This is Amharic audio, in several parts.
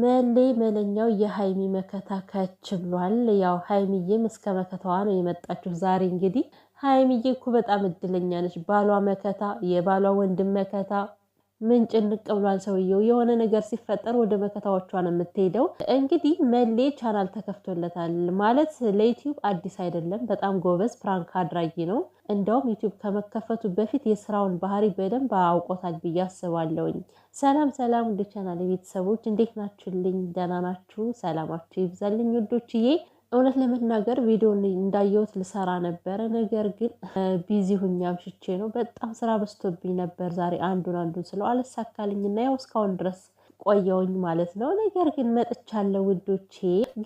መሌ መለኛው የሀይሚ መከታ ከች ብሏል። ያው ሀይሚዬም እስከ መከታዋ ነው የመጣችሁ ዛሬ እንግዲህ ሀይሚዬ እኮ በጣም እድለኛ ነች። ባሏ መከታ፣ የባሏ ወንድም መከታ፣ ምን ጭንቅ ብሏል ሰውየው። የሆነ ነገር ሲፈጠር ወደ መከታዎቿ ነው የምትሄደው። እንግዲህ መሌ ቻናል ተከፍቶለታል ማለት ለዩቲዩብ አዲስ አይደለም። በጣም ጎበዝ ፕራንክ አድራጊ ነው። እንደውም ዩቲዩብ ከመከፈቱ በፊት የስራውን ባህሪ በደንብ አውቆታል ብዬ አስባለሁኝ። ሰላም ሰላም፣ ውድ ቻናል ቤተሰቦች እንዴት ናችሁልኝ? ደህና ናችሁ? ሰላማችሁ ይብዛልኝ ውዶችዬ እውነት ለመናገር ቪዲዮን እንዳየሁት ልሰራ ነበረ። ነገር ግን ቢዚ ሁኜ አምሽቼ ነው። በጣም ስራ በዝቶብኝ ነበር ዛሬ አንዱን አንዱን ስለው አልሳካልኝና ያው እስካሁን ድረስ ቆየውኝ ማለት ነው። ነገር ግን መጥቻለሁ ውዶቼ።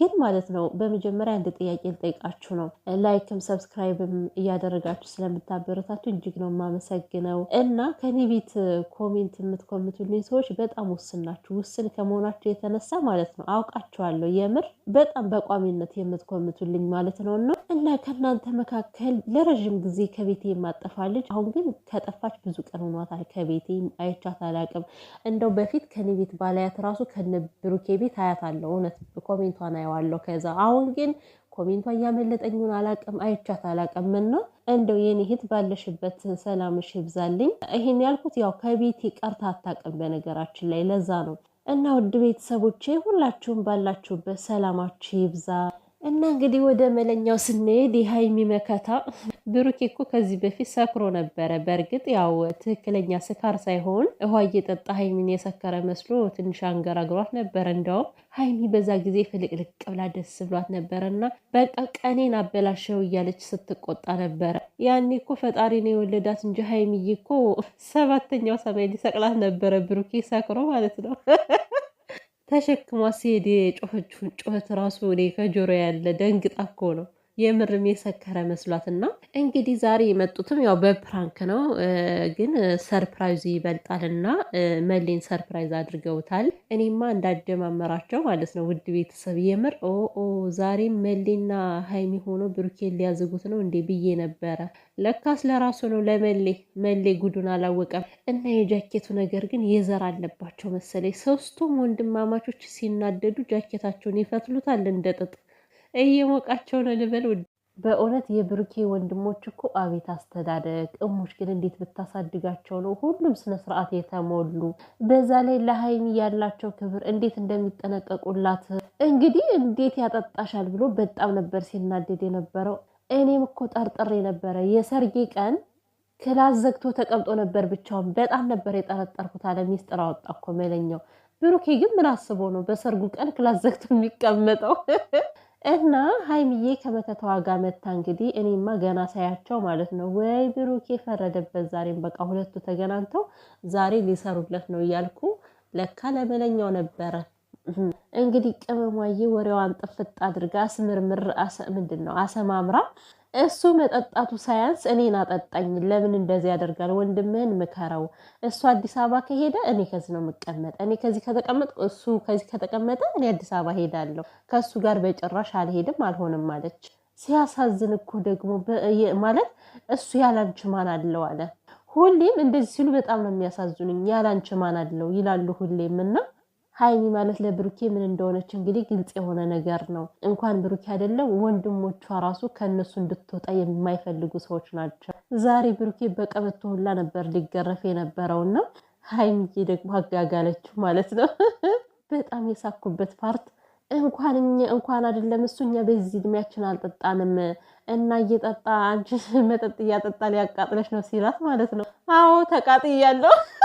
ግን ማለት ነው በመጀመሪያ አንድ ጥያቄ ልጠይቃችሁ ነው። ላይክም ሰብስክራይብም እያደረጋችሁ ስለምታበረታቱ እጅግ ነው የማመሰግነው እና ከኔ ቤት ኮሜንት የምትኮምቱልኝ ሰዎች በጣም ውስን ናችሁ። ውስን ከመሆናችሁ የተነሳ ማለት ነው አውቃችኋለሁ። የምር በጣም በቋሚነት የምትኮምቱልኝ ማለት ነው እና እና ከእናንተ መካከል ለረዥም ጊዜ ከቤቴ የማጠፋ ልጅ አሁን ግን ከጠፋች ብዙ ቀን ሆኗታል። ከቤቴ አይቻት አላቅም እንደው በፊት ከኔ ቤት ባላያት ራሱ ከነ ብሩኬ ቤት አያት አለው። እውነት ኮሜንቷን አየዋለሁ። ከዛ አሁን ግን ኮሜንቷ እያመለጠኝን አላቅም፣ አይቻት አላቅም። እና እንደው የኔ እህት ባለሽበት ሰላምሽ ይብዛልኝ። ይሄን ያልኩት ያው ከቤት ቀርታ አታቅም በነገራችን ላይ ለዛ ነው። እና ውድ ቤተሰቦቼ ሁላችሁም ባላችሁበት ሰላማችሁ ይብዛ። እና እንግዲህ ወደ መለኛው ስንሄድ የሀይሚ መከታ ብሩኬ እኮ ከዚህ በፊት ሰክሮ ነበረ። በእርግጥ ያው ትክክለኛ ስካር ሳይሆን ውሃ እየጠጣ ሀይሚን የሰከረ መስሎ ትንሽ አንገራግሯት ነበረ። እንዲያውም ሀይሚ በዛ ጊዜ ፍልቅልቅ ብላ ደስ ብሏት ነበረ እና በቃ ቀኔን አበላሸው እያለች ስትቆጣ ነበረ። ያኔ እኮ ፈጣሪ ነው የወለዳት እንጂ ሀይሚዬ እኮ ሰባተኛው ሰማይ ሊሰቅላት ነበረ ብሩኬ ሰክሮ ማለት ነው። ተሸክሟ ሲሄድ የጮኸችውን ጮኸት ራሱ እኔ ከጆሮ ያለ ደንግጣ እኮ ነው የምርም የሰከረ መስሏትና እንግዲህ ዛሬ የመጡትም ያው በፕራንክ ነው፣ ግን ሰርፕራይዙ ይበልጣልና መሌን ሰርፕራይዝ አድርገውታል። እኔማ እንዳደማመራቸው ማለት ነው። ውድ ቤተሰብ የምር ኦ ዛሬ መሌና ሀይሚ ሆኖ ብሩኬን ሊያዝጉት ነው እንዴ ብዬ ነበረ። ለካስ ለራሱ ነው ለመሌ መሌ ጉዱን አላወቀም። እና የጃኬቱ ነገር ግን የዘር አለባቸው መሰለኝ። ሶስቱም ወንድማማቾች ሲናደዱ ጃኬታቸውን ይፈትሉታል እንደ ጥጥ። እየሞቃቸው ነው ልበል። በእውነት የብሩኬ ወንድሞች እኮ አቤት አስተዳደግ! እሙሽ ግን እንዴት ብታሳድጋቸው ነው? ሁሉም ስነ ስርዓት የተሞሉ በዛ ላይ ለሀይሚ ያላቸው ክብር እንዴት እንደሚጠነቀቁላት እንግዲህ እንዴት ያጠጣሻል ብሎ በጣም ነበር ሲናደድ የነበረው። እኔም እኮ ጠርጥሬ ነበረ የሰርጌ ቀን ክላስ ዘግቶ ተቀምጦ ነበር ብቻውን። በጣም ነበር የጠረጠርኩት አለ። ሚስጥር አወጣ እኮ መለኛው። ብሩኬ ግን ምን አስቦ ነው በሰርጉ ቀን ክላስ ዘግቶ የሚቀመጠው? እና ሀይሚዬ ከመተተዋ ጋር መታ እንግዲህ እኔማ ገና ሳያቸው ማለት ነው ወይ ብሩኬ የፈረደበት ዛሬም በቃ ሁለቱ ተገናኝተው ዛሬ ሊሰሩለት ነው እያልኩ ለካ ለመለኛው ነበረ እንግዲህ ቅመማዬ ወሬዋን ጥፍጥ አድርጋ ስምርምር ምንድን ነው አሰማምራ እሱ መጠጣቱ ሳያንስ እኔን አጠጣኝ። ለምን እንደዚህ ያደርጋል? ወንድምህን ምከረው። እሱ አዲስ አበባ ከሄደ እኔ ከዚህ ነው የምቀመጥ። እኔ ከዚህ ከተቀመጥ እሱ ከዚህ ከተቀመጠ እኔ አዲስ አበባ ሄዳለሁ። ከእሱ ጋር በጭራሽ አልሄድም፣ አልሆንም አለች። ሲያሳዝን እኮ ደግሞ ማለት እሱ ያላንቺ ማን አለው አለ። ሁሌም እንደዚህ ሲሉ በጣም ነው የሚያሳዝኑኝ። ያላንቺ ማን አለው ይላሉ ሁሌም እና ሀይሚ ማለት ለብሩኬ ምን እንደሆነች እንግዲህ ግልጽ የሆነ ነገር ነው። እንኳን ብሩኬ አይደለም ወንድሞቿ ራሱ ከእነሱ እንድትወጣ የማይፈልጉ ሰዎች ናቸው። ዛሬ ብሩኬ በቀበቶ ሁላ ነበር ሊገረፍ የነበረውና ሀይሚዬ ደግሞ አጋጋለችው ማለት ነው። በጣም የሳኩበት ፓርት እንኳን እንኳን አይደለም እሱ እኛ በዚህ እድሜያችን አልጠጣንም እና እየጠጣ አንቺ መጠጥ እያጠጣ ሊያቃጥለች ነው ሲላት ማለት ነው። አዎ ተቃጥያለሁ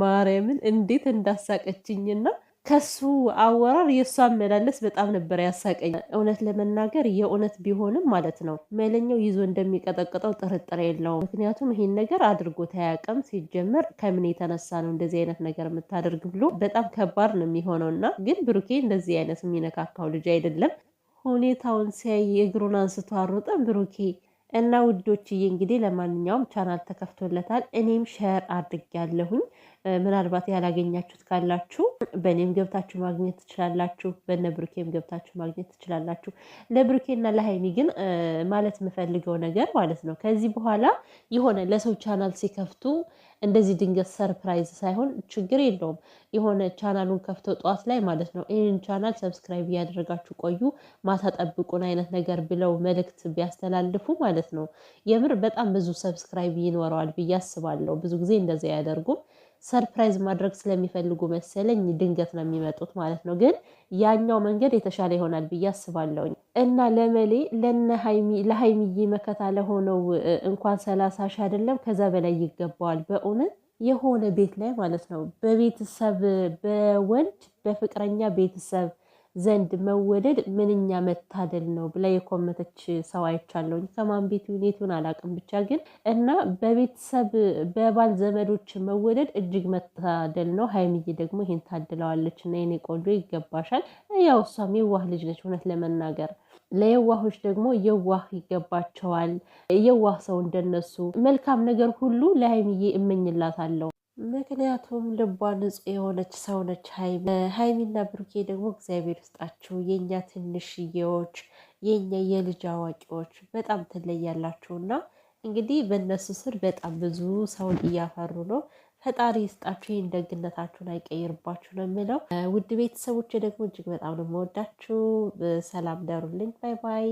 ማርያምን እንዴት እንዳሳቀችኝና ከሱ አወራር የእሱ አመላለስ በጣም ነበር ያሳቀኝ። እውነት ለመናገር የእውነት ቢሆንም ማለት ነው መለኛው ይዞ እንደሚቀጠቅጠው ጥርጥር የለውም። ምክንያቱም ይህን ነገር አድርጎ ተያቀም ሲጀመር ከምን የተነሳ ነው እንደዚህ አይነት ነገር የምታደርግ ብሎ በጣም ከባድ ነው የሚሆነው እና ግን ብሩኬ እንደዚህ አይነት የሚነካካው ልጅ አይደለም። ሁኔታውን ሲያይ እግሩን አንስቶ አሮጠን ብሩኬ እና ውዶችዬ እንግዲህ ለማንኛውም ቻናል ተከፍቶለታል። እኔም ሸር አድርጌያለሁኝ። ምናልባት ያላገኛችሁት ካላችሁ በእኔም ገብታችሁ ማግኘት ትችላላችሁ፣ በነ ብሩኬም ገብታችሁ ማግኘት ትችላላችሁ። ለብሩኬና ለሀይሚ ግን ማለት የምፈልገው ነገር ማለት ነው ከዚህ በኋላ የሆነ ለሰው ቻናል ሲከፍቱ እንደዚህ ድንገት ሰርፕራይዝ ሳይሆን ችግር የለውም የሆነ ቻናሉን ከፍተው ጠዋት ላይ ማለት ነው ይህን ቻናል ሰብስክራይብ እያደረጋችሁ ቆዩ፣ ማታ ጠብቁን አይነት ነገር ብለው መልእክት ቢያስተላልፉ ማለት ነው የምር በጣም ብዙ ሰብስክራይብ ይኖረዋል ብዬ አስባለሁ። ብዙ ጊዜ እንደዚያ አያደርጉም። ሰርፕራይዝ ማድረግ ስለሚፈልጉ መሰለኝ ድንገት ነው የሚመጡት ማለት ነው። ግን ያኛው መንገድ የተሻለ ይሆናል ብዬ አስባለሁኝ እና ለመሌ ለሀይሚዬ መከታ ለሆነው እንኳን ሰላሳ ሺህ አይደለም ከዛ በላይ ይገባዋል በእውነት የሆነ ቤት ላይ ማለት ነው በቤተሰብ በወንድ በፍቅረኛ ቤተሰብ ዘንድ መወደድ ምንኛ መታደል ነው ብላ የኮመተች ሰው አይቻለሁ። ከማን ቤት ሁኔቱን አላውቅም፣ ብቻ ግን እና በቤተሰብ በባል ዘመዶች መወደድ እጅግ መታደል ነው። ሀይምዬ ደግሞ ይህን ታድለዋለች እና የኔ ቆንጆ ይገባሻል። ያው እሷም የዋህ ልጅ ነች። እውነት ለመናገር ለየዋሆች ደግሞ የዋህ ይገባቸዋል። የዋህ ሰው እንደነሱ መልካም ነገር ሁሉ ለሀይሚዬ እመኝላታለሁ። ምክንያቱም ልቧ ንጹህ የሆነች ሰው ነች ሀይሚ። ሀይሚና ብሩኬ ደግሞ እግዚአብሔር ውስጣችሁ የእኛ ትንሽዬዎች፣ የእኛ የልጅ አዋቂዎች በጣም ትለያላችሁ እና እንግዲህ በእነሱ ስር በጣም ብዙ ሰውን እያፈሩ ነው። ፈጣሪ ይስጣችሁ፣ ይህን ደግነታችሁን አይቀይርባችሁ ነው የምለው። ውድ ቤተሰቦች ደግሞ እጅግ በጣም ነው የምወዳችሁ። ሰላም ደሩልኝ። ባይ ባይ።